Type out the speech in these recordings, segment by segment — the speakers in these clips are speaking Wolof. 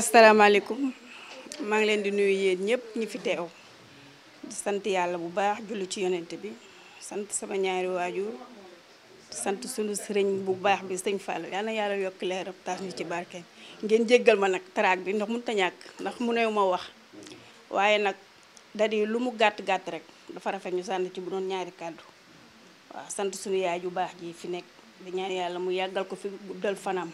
asalaamaaleykum maa ngi leen di nuyu yéen ñëpp ñi fi teew di sant yàlla bu baax julli ci yonent bi sant sama ñaari waajur sant sunu sëriñ bu baax bi sëñ Fallou yal yàlla yokk leeram taas ñu ci barke ngeen jéggal ma nag taraak bi ndax mun a ñàkk ndax mu new ma wax waaye nag dadi lu mu gàtt gàtt rek dafa rafet ñu sànni ci bu doon ñaari kàddu waaw sant sunu yaay bu baax ji fi nekk di ñaan yàlla mu yàggal ko fi guddal fanam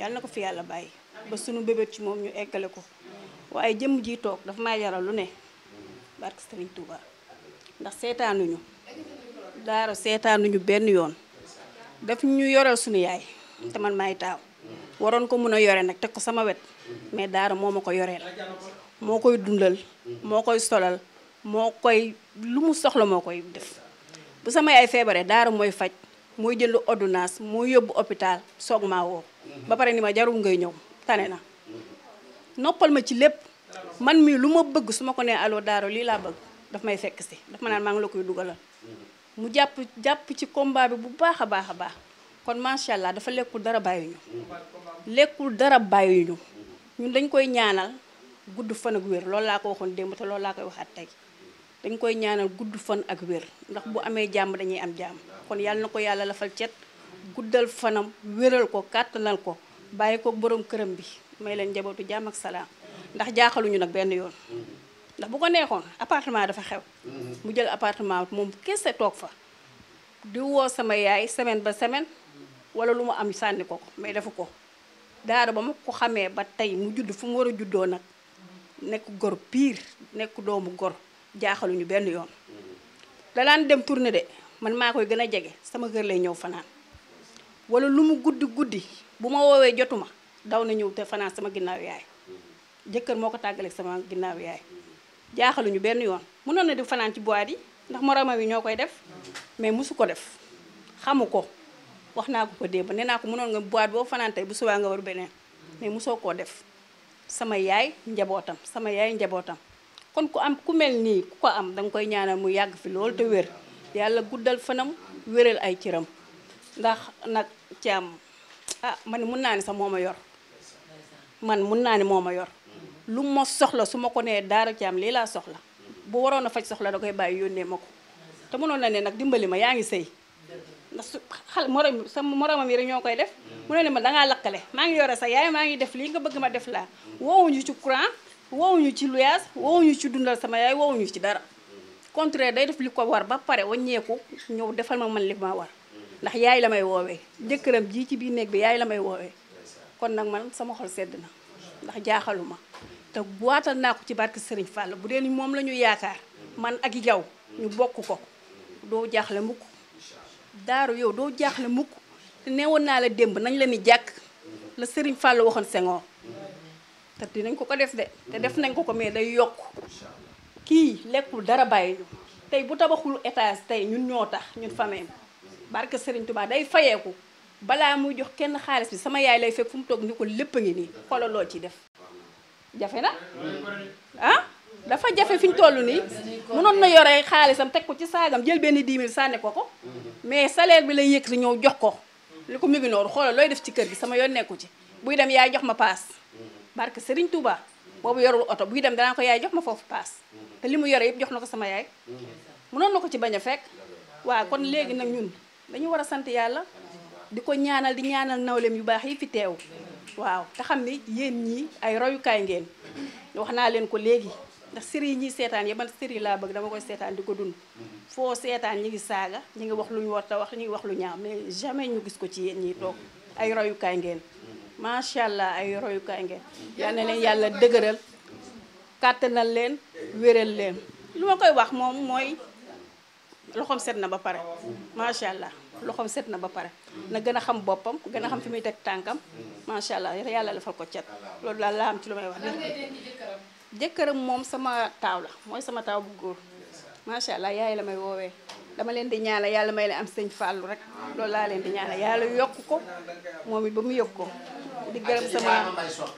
yàlla ko fi yàlla bàyyi. ba suñu bébét ci moom ñu eggale ko waaye jëmm ji toog dafa may yaral lu ne barke Sëriñ Touba ndax seetaanuñu daara seetaanuñu benn yoon daf ñu yoral suñu yaay te man maay taaw waroon ko mën a yore nag teg ko sama wet mais daara moo ma ko yoreel moo koy dundal moo koy solal moo koy lu mu soxla moo koy def bu sama yaay feebaree daara mooy faj mooy jënd ordonnance mooy yóbbu hôpital soog maa woo ba pare ni ma jarul ngay ñëw tane na noppal ma ci lépp man mii lu ma bëgg su ma ko nee allo Daaro lii laa bëgg daf may fekk si daf ma naan maa ngi la koy dugalal mu jàpp jàpp ci combat bi bu baax a baax a baax kon macha allah dafa lekkul dara bàyyi ñu lekkul dara bàyyi ñu ñun dañ koy ñaanal gudd fan ak wér loolu laa ko waxoon démb te laa koy waxaat tey dañ koy ñaanal gudd fan ak wér ndax bu amee jàmm dañuy am jàmm kon yàlla na ko yàlla lafal cet guddal fanam wéral ko kàttanal ko bàyyi kook boroom këram bi may leen njabootu jàmm ak salaam ndax jaaxaluñu nag benn yoon ndax bu ko neexoon appartement dafa xew mu jël appartement moom kese toog fa di woo sama yaay semaine ba semaine wala lu mu am sànni ko ko mais defu ko daara ba mu ko xamee ba tey mu judd fu mu war a juddoo nag nekk gor piir nekk doomu gor jaaxaluñu benn yoon danaan dem tournée de man maa koy gën a jege sama kër lay ñëw fanaan wala lu mu guddi guddi bu ma woowee jotuma daw na ñëw te fanaan sama ginnaaw yaay jëkkër moo ko tàggaleeg sama ginnaaw yaay jaaxalu ñu benn yoon mënoon na di fanaan ci boîte yi ndax moromam yi ñoo koy def mais mosu ko def xamu ko wax naa ko ko démb nee naa ko mënoon nga boîte boo fanaan bu subaa nga war beneen mais mosoo koo def sama yaay njabootam sama yaay njabootam kon ku am ku mel nii ku ko am danga koy ñaanal mu yàgg fi loolu te wér yàlla guddal fanam wéral ay cëram ndax nag ci am ah man mun naa ne sax moom ma yor man mun naa ne moo ma yor lu ma soxla su ma ko nee daara ci am lii laa soxla bu waroon a faj soxla da koy bàyyi yónnee ma ko te mënoon na ne nag dimbali ma yaa ngi sëy ndax su xal morom sa moromam yi rek ñoo koy def mu ne ma dangaa lakkale maa ngi yore sa yaay maa ngi def lii nga bëgg ma def laa woowuñu ci courant woowuñu ci luyaas woowuñu ci dundal sama yaay woowuñu ci dara contraire day def li ko war ba pare waññeeku ñëw defal ma man li ma ndax yaay la may woowe jëkkëram jii ci biir néeg bi yaay la may woowee kon nag man sama xol sedd na ndax jaaxaluma te waatal naa ko ci barke Serigne fàll bu dee ni moom la ñu yaakaar man ak yow ñu bokk ko doo jaaxle mukk daaru yow doo jaaxle mukk te neewoon naa la démb nañ la ni jàkk la Serigne Fall waxoon Senghor te dinañ ko ko def de te def nañ ko ko mais day yokk kii lekkul dara bàyyi ñu tey bu tabaxul étage tey ñun ñoo tax ñun famille barke Serigne Touba day fayeeku balaa muy jox kenn xaalis bi sama yaay lay fekk fu mu toog ni ko lépp a ngi nii xoolal loo ciy def jafe na ah dafa jafe fi ñu toll nii mënoon na yore xaalisam teg ko ci saagam jël benn 10 000 ko ko mais salaire bi lay si ñëw jox ko li ko mu ngi noonu xoolal looy def ci kër gi sama yoon nekku ci buy dem yaay jox ma paas barke Serigne Touba boobu yorul oto buy dem danaa ko yaay jox ma foofu paas te li mu yore yëpp jox na ko sama yaay mënoon na ko ci bañ a fekk kon léegi nag ñun dañu war a sant yàlla di ko ñaanal di ñaanal nawleem yu baax yi fi teew waaw te xam ni yéen ñii ay royukaay ngeen wax naa leen ko léegi ndax série yi ñuy seetaan yi man série laa bëgg dama koy seetaan di ko dund foo seetaan ñi ngi saaga ñi ngi wax lu ñu war a wax ñi ngi wax lu ñaaw mais jamais ñu gis ko ci yéen ñi toog ay royukaay ngeen macha allah ay royukaay ngeen yal na leen yàlla dëgëral kàttanal leen wéral leen lu ma koy wax moom mooy loxoom set na ba pare macha allah loxoom set na ba pare na gën a xam boppam gën a xam fi muy teg tànkam macha allah yàlla defal ko cet loolu daal laa am ci lu may wax moom sama taaw la mooy sama taaw bu góor macha allah la may woowee dama leen di ñaanal yàlla may la am sëñ Fallou rek loolu laa leen di ñaanal yàlla yokk ko moom it ba mu yokk ko di gërëm sama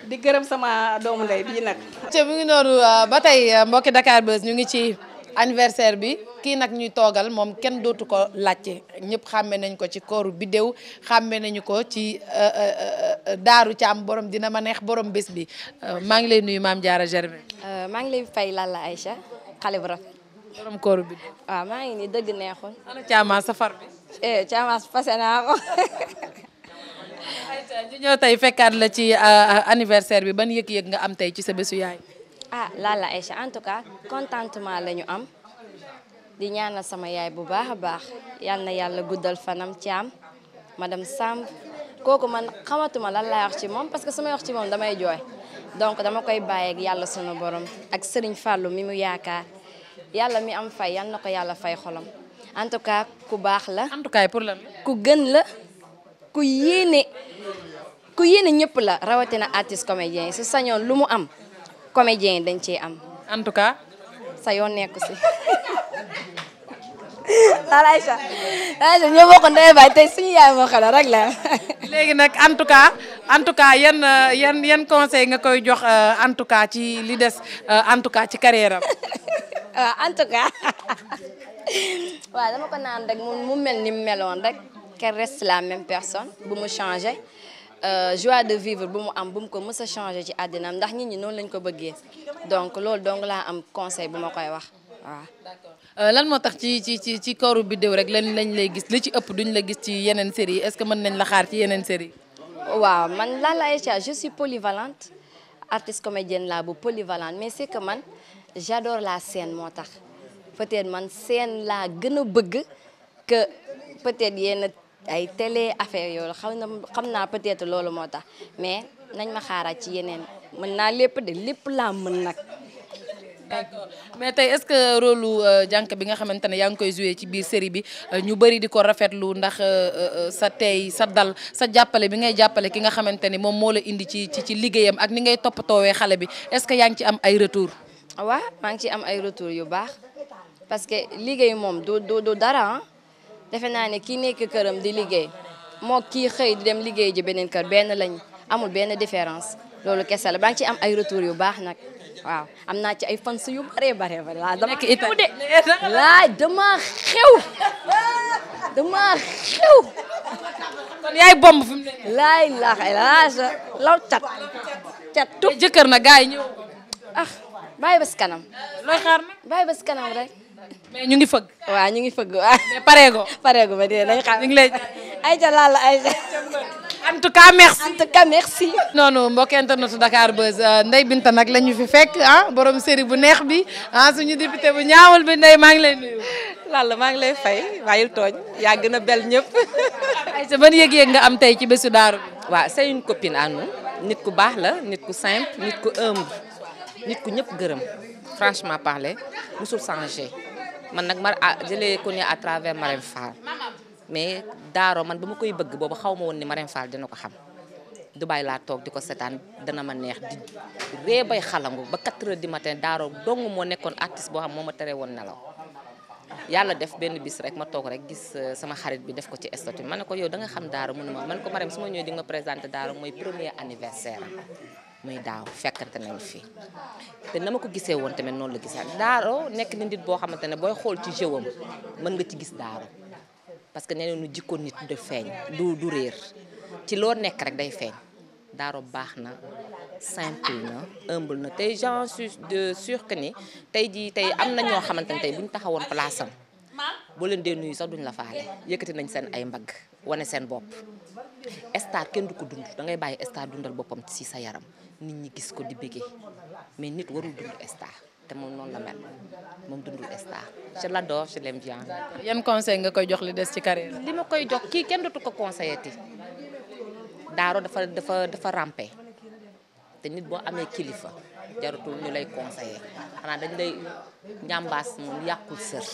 di gërëm sama doomu ndey bii nag. te mu ngi noonu ah, ba tey ah, mbokki Dakar Buzz ñu ngi ci. anniversaire bi kii nag ñuy toogal moom kenn dootu ko laajte ñëpp xàmme nañ ko ci kooru biddéew xàmme nañu ko ci euh, euh, euh, daaru am boroom dina ma neex borom bés bi maa ngi lay nuyu maam Diarra Germain. maa ngi lay fay Lalla ay xale bu rafet. kooru bi waaw maa ngi nii dëgg neexul. ana caamaa safar bi. eh caamaa fase naa ko. ñu ñëw tey fekkaat la ci anniversaire bi ban yëg-yëg nga am tey ci sa bésu yaay. ah Lalla Aïcha en tout cas contentement la ñu am di ñaanal sama yaay bu baax a baax yal na yàlla guddal fanam Thiam madame Samb kooku man xamatuma lan laay wax ci moom parce que samay wax ci moom damay jooy donc dama koy bàyyeek yàlla sunu borom ak Serigne Fallou mi mu yaakaar yàlla mi am fay yal na ko yàlla fay xolam en tout cas ku baax la. en pour lan ku gën la ku yéene ku yéene ñëpp la rawatina artiste comédien yi su sañoon lu mu am. comédien yi dañ cee am. en tout cas. sa yoon nekku si. Alaycha Alaycha ñoo bokk ndey baay tey suñu yaay moo xelal rek la. léegi nag en tout cas en tout cas yan yan yan conseil nga koy jox euh, en tout cas ci li des euh, en tout cas ci carrière am. en tout cas waaw dama ko naan rek mu mel ni mu meloon rek qu'elle reste la même personne bu mu changé. Euh, joie de vivre bu mu am bu mu ko mës a ci àddinaam ndax nit ñi noonu lañ ko bëggee donc loolu dong laa am conseil bu ma koy wax euh, lan moo tax ci ci ci ci kooru Bidew rek lan lañ lay gis li ci ëpp duñ la gis ci yeneen série yi est-ce que mën nañ la xaar ci yeneen série waaw man Lalla Aïcha je suis polyvalente artiste comédienne laa bu polyvalente mais c'est que man j'adore la scène moo tax peut-être man scène laa gën a bëgg que peut-être yenn ay télé affaire yooyu xaw na xam naa peut-être loolu moo tax mais nañ ma xaaraat ci yeneen mën naa lépp de lépp laa mën nag. mais tey est-ce que rôle lu euh, jànk bi nga xamante ne yaa ngi koy joué ci biir série bi euh, ñu bëri di ko rafet lu ndax euh, sa tey sa dal sa jàppale bi ngay jàppale ki nga xamante ni moom moo la indi ci ci liggéeyam ak ni ngay toppatoowee xale bi est-ce que yaa ngi ci am ay retour waaw maa ngi ci am ay retour yu baax parce liggéey moom du dara defe naa ne kii nekk këram di liggéey moo kii xëy di dem liggéey ji beneen kër benn lañ amul benn différence loolu kese la ba ci am ay retour yu baax nag waaw am naa ci ay fans yu bare bare bare laa dama xew de laa dama xew dama bomb fi mu laay laaxay laasa law cat cat tu jëkkër na gaay ñëw ah bàyyi bas kanam looy mais ñu ngi fëgg. waaw ñu ngi fëgg waaw. mais pareego. pareego ba dee dañu xam. ñu ngi lay ayca laal ayca. en tout cas merci en tout cas merci. noonu mbokk internetu Dakar Buzz euh, Ndeye Binta nag la ñu fi fekk ah borom série bu neex bi ah suñu député bu ñaawul bi Ndeye maa ngi lay nuyu. Lalla maa ngi lay fay waayul tooñ yaa gën a bel ñëpp. ayca ban yëg-yëg nga am tey ci bésu daaru bi. waaw c'est une copine à nous nit ku baax la nit ku simple nit ku humble nit ku ñëpp gërëm franchement parler musul changer. man nag ma ah jëlee ko ne à travers Marème Fall mais Daaro man ba ma koy bëgg boobu xaw ma woon ni Marème Fall dina ko xam Dubaay laa toog di ko setaan dana ma neex di ree bay xalangu ba 4 di du matin Daaro dong moo nekkoon artiste boo xam moo ma tere woon nelaw yàlla def benn bis rek ma toog rek gis euh, sama xarit bi def ko ci statut man ne ko yow da nga xam Daaro mu ne ma man ko Marème su ma ñëwee di nga ma présenté Daaro mooy premier anniversaire muy daaw fekkante nañ fi te na ma ko gisee woon tamit noonu la gisaat daaro nekk na nit boo xamante ne booy xool ci jëwam mën nga ci gis daaro parce que nee nañu jikko nit du feeñ du du réer ci loo nekk rek day feeñ daaro baax na simple na humble na tey gens de sûr ni tey jii tey am na ñoo xamante ne tey bu ñu taxawoon place am boo leen dee nuyu sax duñ la faale yëkkati nañ seen ay mbagg wane seen bopp star kenn du ko dund da ngay bàyyi star dundal boppam ci sa yaram nit ñi gis ko di bëggee mais nit warul dund star te moom noonu la mel moom dundul star je l'adore je l'aime bien. yan conseil nga koy jox li des ci carrière li ma koy jox kii kenn dootu ko conseillé ti daaro dafa dafa dafa ràmpe te nit boo amee kilifa. jarutul ñu lay conseiller xanaa dañ lay njàmbaas moom yàqul sër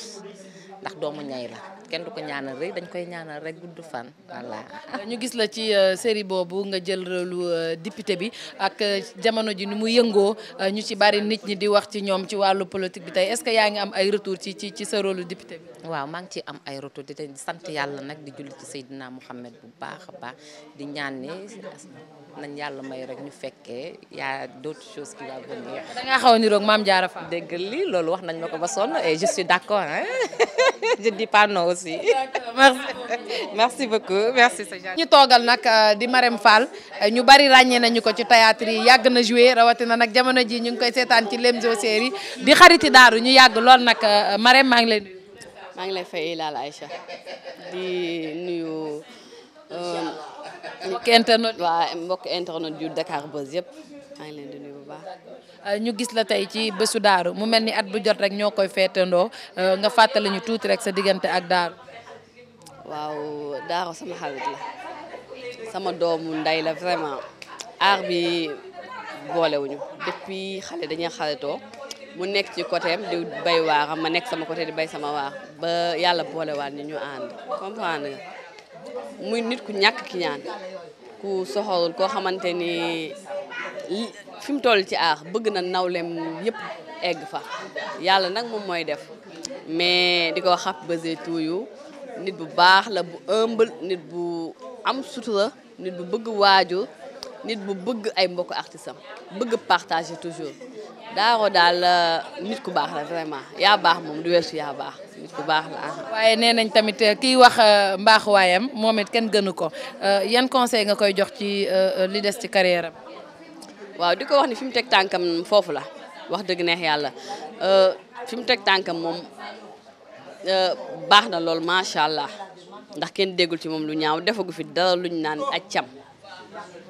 ndax doomu ñay la kenn du ko ñaanal rek dañ koy ñaanal rek gudd fan voilà. ñu gis la ci euh, série boobu nga jël rôlu euh, député bi ak euh, jamono ji ni mu yëngoo ñu ci bari nit ñi di wax ci ñoom ci wàllu politique bi tey est-ce que yaa ngi am ay retour ci ci sa rolu député bi. waaw maa ngi ci am ay retour di sant yàlla nag di julli ci Seydina Mouhamed bu baax a baax di ñaan ne nañ yàlla may rek ñu fekkee y'a d'autres choses qui va venir. da ngaa xaw a niroog maam Diarra Fam. li loolu wax nañ ma ko ba sonn et je suis d'accord hein je dis pas non aussi. merci merci beaucoup merci. ñu toogal nag euh, di Marème Fall ñu bari ràññee nañu ko ci théâtre yi yàgg na joué rawatina nag jamono ji ñu ngi koy seetaan ci Lemzo série di xariti daaru ñu yàgg lool nag euh, Marème maa ngi lay maa ngi lay fay Laal Aïcha di nuyu. Euh, mbokk internet waa mbokk internet yu Dakar Buzz yëpp maa ngi leen di nuyu bu baax. Euh, ñu gis la tey ci bésu daaru mu mel ni at bu jot rek ñoo koy feetandoo euh, nga fàttali ñu tuuti rek sa diggante ak daaru. waaw daaro sama xarit la sama doomu ndey la vraiment aar bi boolewuñu depuis xale dañuy xaritoo mu nekk ci côté di bay waaram ma nekk sama côté di bay sama waar ba yàlla boolewaat ñu ñu ànd comprendre nga. muy nit ku ñàkk ki ñaan ku soxorul koo xamante ni fi mu toll ci aar bëgg na nawlem yëpp egg fa yàlla nag moom mooy def mais di ko xap base tuuyu nit bu baax la bu ëmbal nit bu am sutura nit bu bëgg waajur nit bu bëgg ay mbokku artiste bëgg partager toujours daaro daal euh, nit ku baax la vraiment yaa baax moom du weesu yaa baax bu baax la waaye nee nañ tamit euh, kiy wax euh, mbaax moom it kenn gënu ko euh, yan conseil nga koy jox ci li des ci carrière waaw di ko wax ni fi mu teg tànkam foofu la wax dëgg neex yàlla fi mu teg tànkam moom baax na lool macha allah ndax kenn déggul ci moom lu ñaaw defagu fi dara luñ naan accam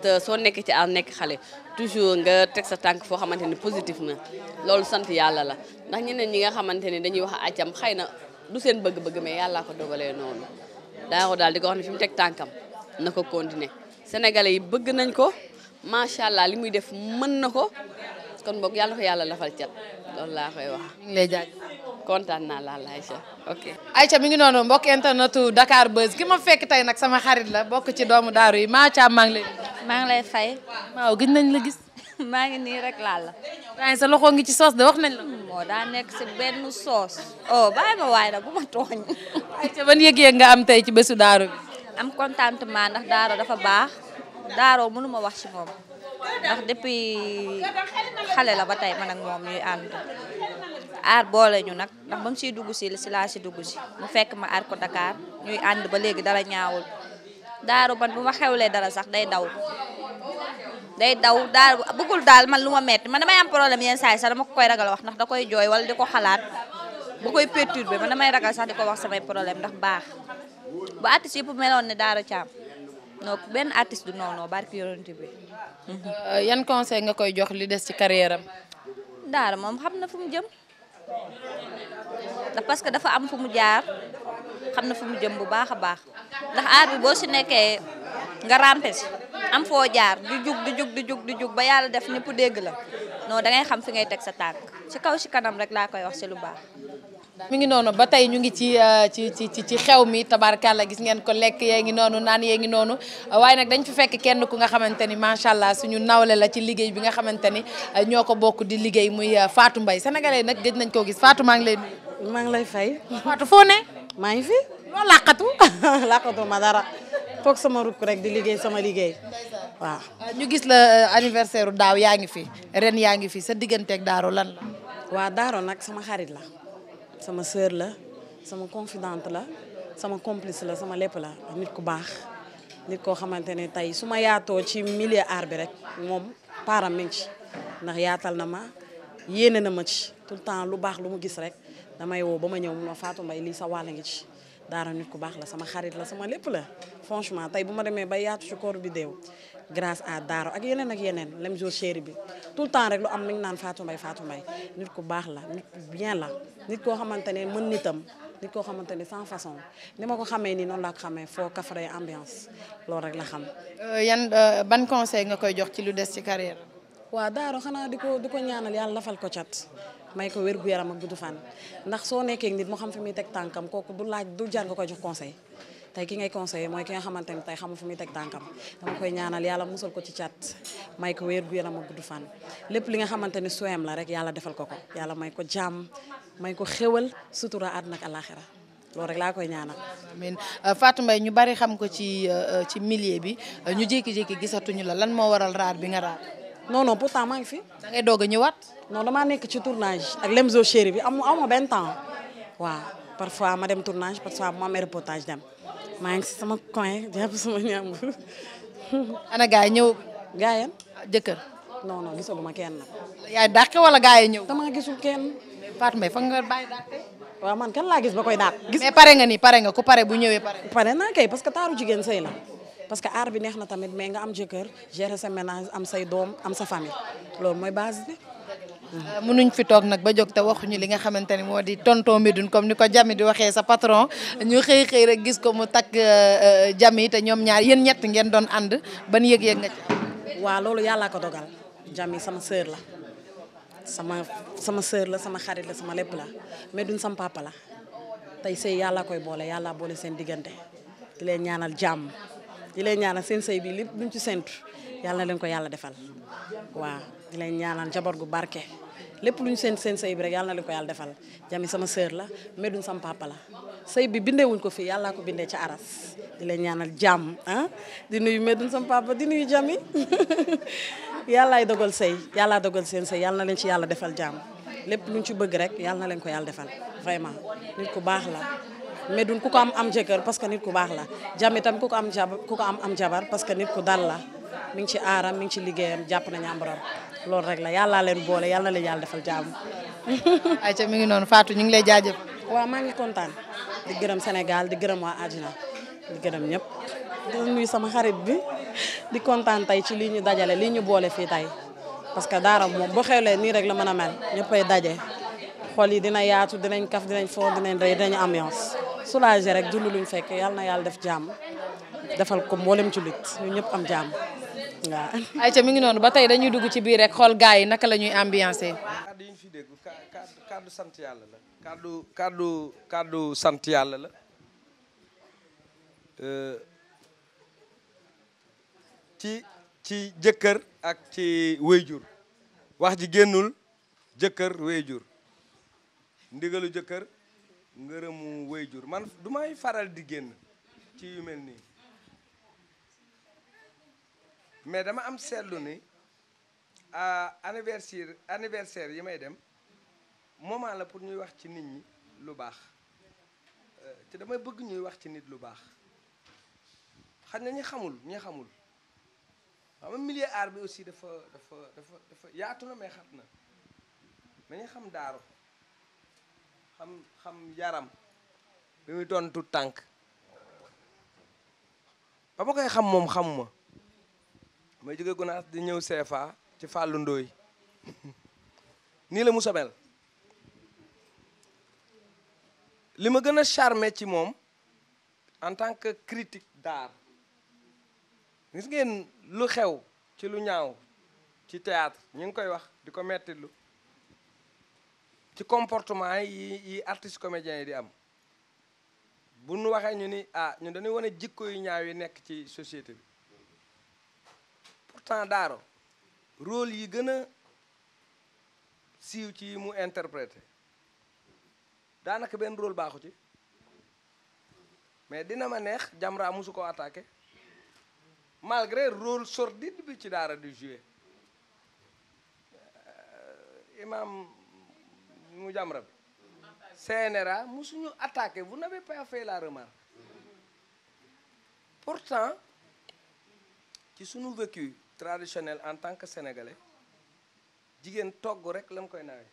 te soo nekkee ci ar nekk xale toujours nga teg sa tànk foo xamante ni positif na loolu sant yàlla la ndax ñeneen ñi nga xamante ni dañuy wax acam xëy na du seen bëgg-bëgg mais yàllaa ko dogalee noonu Daro daal di ko wax ne fi mu teg tànkam na ko continuer sénégalais yi bëgg nañ ko macha allah li muy def mën na ko kon boog yàlla ko yàlla lafal cat loolu laa koy wax. ñu ngi lay jaajëfal kontaan naa la Aïcha ok. Aïcha mi ngi noonu mbokk internetu Dakar Buzz ki ma fekk tey nag sama xarit la bokk ci doomu Daro yi macha maa ngi lay. maa ngi lay fay. waaw gis nañ la gis. maa ngi nii rek laal la. waaye sa loxoo ngi ci soos de wax nañ la. moo daa nekk si benn soos. oh bàyyi ma waaye nag bu ma tooñ. waaye ca yëg-yëg nga am tey ci bésu daaro bi. am contentement ndax daaro dafa baax daaro mënuma wax ci moom ndax depuis xale la ba tey man ak moom ñuy ànd aar boole ñu nag ndax ba mu siy dugg si si laa si dugg si mu fekk ma aar ko Dakar ñuy ànd ba léegi dara ñaawul daaro man bu ma lee dara sax day daw. day daw daal bëggul daal man lu ma metti man damay am problème yenn saa yi sax dama ko koy ragal wax ndax da koy jooy wala di ko xalaat bu koy perturbé man damay ragal sax di ko wax samay problème ndax baax bu artiste yëpp meloon ne Daara Thiam no benn artiste du noonu barki yonent bi. Euh, yan conseil nga koy jox li des ci carrière am. Daara moom xam na fu mu jëm ndax parce que dafa am fu mu jaar xam na fu mu jëm bu baax a baax ndax aar bi boo si nekkee nga rampé si am foo jaar di jug di jug di jug di jug ba yàlla def ñëpp dégg la non dangay xam fi ngay teg sa tànk si kaw si kanam rek laa koy wax ci lu baax. mu ngi noonu ba tey ñu ngi ci euh, ci ci ci xew mi tabarkaal la gis ngeen ko lekk yee ngi noonu naan yee ngi noonu waaye nag dañ fi fekk kenn ku nga xamante ni macha allah suñu nawle la ci liggéey bi nga xamante ni euh, ñoo ko bokk di liggéey muy euh, Fatou Mbaye sénégalais nag gëj nañ koo gis Fatou maa ngi lay nuyu. ngi lay fay. maa ngi fi. loo làqatu. toog sama rukk rek di liggéey sama liggéey waaw. ñu gis la euh, anniversaire daaw yaa ngi fi ren yaa ngi fi sa digganteeg Daaro lan la. waaw Daaro nag sama xarit la sama sœur la sama confidente la sama complice la sama lépp la nit ku baax nit koo xamante ne tey su ma yaatoo ci milieu art bi rek moom paaram mi ngi ci ndax yaatal na ma yéene na ma ci tout le temps lu baax lu mu gis rek damay woo ba ma ñëw mu ma Fatou Mbaye lii sa wàll ngi ci. daara nit ku baax la sama xarit la sama lépp la franchement tey bu ma demee ba yaatu ci koor bi déew grâce à daaro ak yeneen ak yeneen lem jour chéri bi tout temps rek lu am nañ naan Fatou Mbaye Fatou Mbaye nit ku baax la nit bien la koo xamante ne mën nitam nit koo xamante ne sans façon ni ma ko xamee nii noonu laa ko xamee foo kafaree ambiance loolu rek la xam euh, yan euh, ban conseil nga koy jox ci lu des ci carrière waaw daaro xanaa di ko ñaanal yàlla lafal ko cat may ko wér gu yaram ak gudd fan ndax soo nekkee nit mu xam fi muy teg tànkam kooku du laaj du jar nga koy jox conseil tey ki ngay conseillé mooy ki nga xamante ne tey xamul fu muy teg tànkam dama koy ñaanal yàlla musal ko ci cat may ko wér gu yaram ak gudd fan lépp li nga xamante ne soyam la rek yàlla defal ko ko yàlla may ko jàmm may ko xéwal sutura àdduna ak àllaaxira loolu rek laa koy ñaanal. amiin euh, Fatou ñu bari xam ko ci euh, euh, ci bi ñu jékki-jékki gisatuñu la lan moo waral raar bi non non pourtant maa ngi fi. da ngay doog a ñëwaat. non damaa nekk ci tournage ak Lemzo Chéri bi amu amu benn waa waaw parfois ma dem tournage parfois ma amee reportage dem maa ngi si sama coin jàpp sama ñaambur. ana gars yi ñëw. gars yi jëkkër. non non gisaguma kenn na yaay dàqe wala gars yi ñëw. damaa gisul kenn. Fatou Mbaye fa nga bàyyi dàqe. waaw laa gis ba koy dàq. pare nga ni pare nga ku pare bu ñëwee pare. pare naa kay parce que taaru jigéen sëy la. parce que aar bi neex na tamit mais nga am jëkkër gérer sa ménage am say doom am sa famille loolu mooy base bi. Euh, mënuñ fi toog nag ba jog te waxuñu li nga xamante ni moo di tonton Médoune comme ni ko Jami di waxee sa patron ñu xëy xëy rek gis ko mu takk euh, euh, Jami te ñoom ñaar yéen ñett ngeen doon ànd ban yëg-yëg nga ci. waaw loolu yàllaa ko dogal Jami sama sœur la sama sama la sama xarit la sama lépp la Médoune sama papa la tey sëy yàllaa koy boole yàllaa boole seen diggante di leen ñaanal jàmm. di leen ñaanal seen sëy bi lépp luñ ci séntu yàlla na ko yàlla defal waaw di leen ñaanal njaboot gu barke lépp lu ñu seen seen sëy bi rek yàlla na ko yàlla defal jami sama sœur la medun sama papa bi bindeewuñ ko fii yàllaa ko bindee ca aras di ñaanal jàmm ah di nuyu medun sama papa di nuyu jami yàllaay dogal sëy yàllaa dogal seen sëy yàlla na leen ci yàlla defal jàmm lépp luñ ci bëgg rek yàlla na ko yàlla defal vraiment nit ku baax la Medoune ku ko am am jëkkër parce que nit ku baax la jàmm ku ko am jabar ku ko am am parce que nit ku dal la mi ngi ci aaram mi ngi ci liggéeyam jàpp na ñàmbaram loolu rek la yàllaa leen boole yàlla leen yàlla defal jàmm. ayca mi ngi noonu Fatou ñu ngi lay jaajëf. waaw maa kontaan di gërëm Sénégal di gërëm waa àddina gërëm ñëpp sama xarit bi di kontaan tey ci lii ñu dajale lii ñu boole fii tay parce que daara moom boo xewlee nii rek la mën a mel ñëppay daje xol yi dina yaatu dinañ kaf dinañ foo dinañ rey ñu ambiance. soulager rek dund luñ fekk yàlla na yàlla def jàmm defal ko mboolem jullit ñu ñëpp am jàmm waaw. ayca mi ngi noonu ba tey dañuy dugg ci biir rek xool gars yi naka la ñuy ambiancé. kàddu yi ñu fi dégg kàddu sant yàlla la kàddu kàddu kàddu sant yàlla la euh, ci ci jëkkër ak ci wéyjur wax ji génnul jëkkër wéyjur ndigalu jëkkër. ngërëmu wayjur man dumay faral di génn ci yu mel nii mais dama am seetlu ni anniversaire anniversaire yi may dem moment la pour ñuy wax ci nit ñi lu baax euh, te damay bëgg ñuy wax ci nit lu baax xaj na ñi xamul ñi xamul xam nga milieu bi aussi dafa dafa dafa yaatu na mais na mais ñi xam daaru xam xam yaram bi muy doon tu tànk ba ma koy xam moom xamuma may jóge Gunaas di ñëw CFA ci fàllu Ndoye nii la mu samel li ma gën a charmé ci moom en tant que critique d'art gis ngeen lu xew ci lu ñaaw ci théâtre ñu ngi koy wax di ko mettilu ci comportement yi yi artiste comédien yi di am bu nu waxee ñu ni ah ñu dañuy wane jikko yu ñaaw yi nekk ci société bi pourtant Daaro rôle yi gën a siiw ci mu interprété daanaka benn rôle baaxu ci mais dina ma neex Jamra mosu ko attaqué malgré rôle sordide bi ci Daara du joué euh, imam Mujamra bi CNRA suñu attaqué bu nawee pas fait la remarque pourtant ci suñu vécu traditionnel en tant que sénégalais jigéen togg rek la koy nawe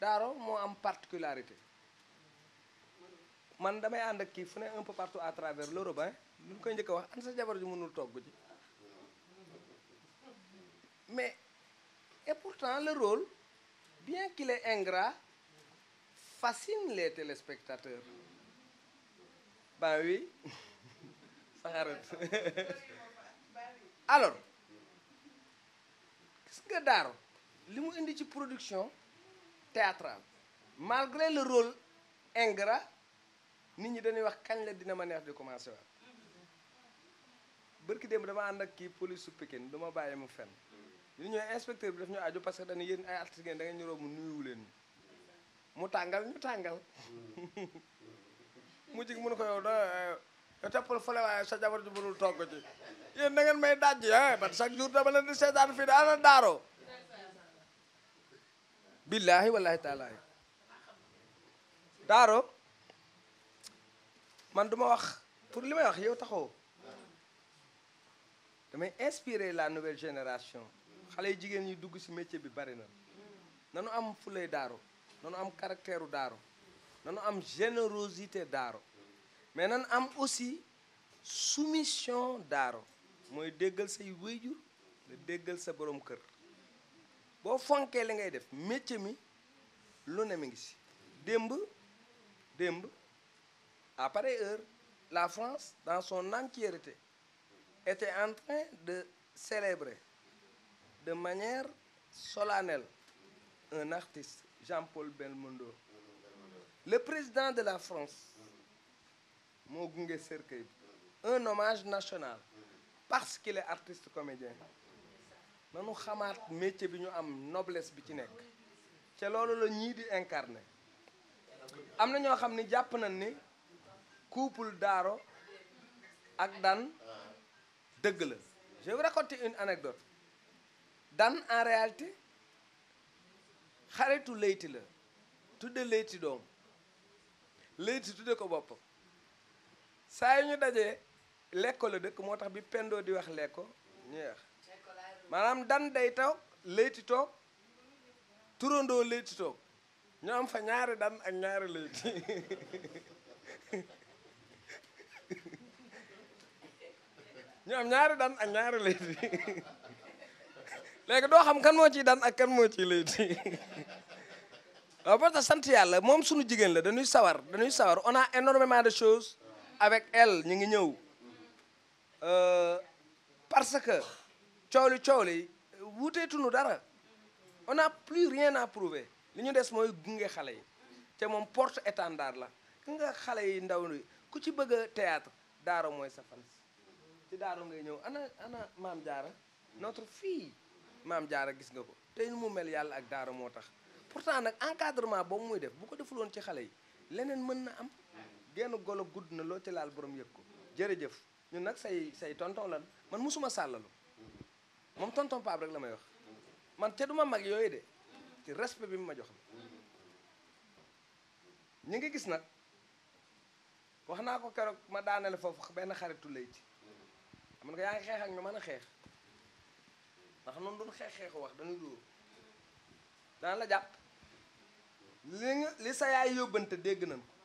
daaro moo am particularité man damay ànd ak kii fu ne un peu partout à travers l'Europe lu ñu koy njëkk wax an sa jabar ju mënul togg ji mais et pourtant le rôle bien qu'il est ingrat, fascine les téléspectateurs. Ben oui. Alors, gis nga Daaro li mu indi ci production théâtrale malgré le rôle ingrat nit ñi dañuy wax kañ la dina ma neex di commencé waat bërki démb dama ànd ak kii police su Pikine du ma mu fenn ñu ñëwee inspecteur bi def ñu aju parce que dañu yéen ay artistes ngeen da ngeen ñu romb nuyuwu leen mu tàngal ñu tàngal mu jig mun ko yow da teppal eh, fële waaye sa jabar ji mënul togg ci yéen da ngeen may daj eh man chaque jour dama leen di seetaan fii da daaro billaahi wallaahi taala daaro man duma wax pour li may wax yow taxoo damay inspirer la nouvelle génération xale yu jigéen ñi dugg ci métier bi bari na nanu am fulay daaru nanu am caractère daaru nanu am générosité daaro mais nan am aussi soumission daaro mooy déggal say wéyjur nga déggal sa borom kër boo fonkee li ngay def métier mi lu ne mi ngi ci démb démb à pareille heure la France dans son entièreté était en train de célébrer de manière solennelle un artiste Jean-Paul Belmondo le président de la France moo gunge cercueil bi un hommage national parce qu'il est artiste comédien nanu xamaat métier bi ñu am noblesse bi ci nekk te loolu la ñii di incarné am na ñoo xam ni jàpp nañ ni couple Daaro ak Dan dëgg la je vais vous raconter une anecdote dan en réalité xaritu layti la tudde layti doom layti tudde ko boppam saa yu ñu dajee lekko la dëkk moo tax bi pendoo di wax lekko ñuy wax maanaam dan day toog layti toog turandoo layti toog ñu am fa ñaari dan ak ñaari layti ñu am ñaari dan ak ñaari layti léegi doo xam kan moo ciy daan ak kan moo ciy lay di waaw sant yàlla moom suñu jigéen la dañuy sawar dañuy sawar on a énormément de choses avec el ñu ngi ñëw euh, parce que coow li coow li wuuteetunu dara ona n'a plus rien à prouver li ñu des mooy gunge xale yi te moom porte étendard la ku nga xale yi ndaw li ku ci bëgg a théâtre daaro mooy sa fan ci daaro ngay ñëw ana maam jaara notre fille maam jaara gis nga ko tey nu mu mel yàlla ak daara moo tax pourtant nag encadrement boobu muy def bu ko defuloon ci xale yi leneen mën na am genn golo gudd na loo ci laal borom yëg ko jërëjëf ñu nag say say tonton lan man musuma sàllalu moom tonton Pape rek la may wax man te duma mag yooyu de ci respect bi mu ma jox la ñi nga gis nag wax naa ko keroog ma daanale foofu benn xaritu lay ci am na ko yaa ngi xeex ak ñu mën a xeex ndax noonu duñ xeex xeexu wax dañuy dóor dana la jàpp li nga sa yaay yóbbante dégg nañ ko